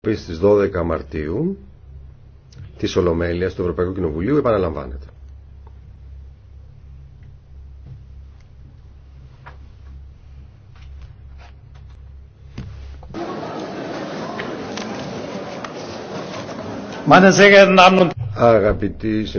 Στι 12 Μαρτίου τη Ολομέλειας του Ευρωπαϊκού Κοινοβουλίου επαναλαμβάνεται. Meine sehr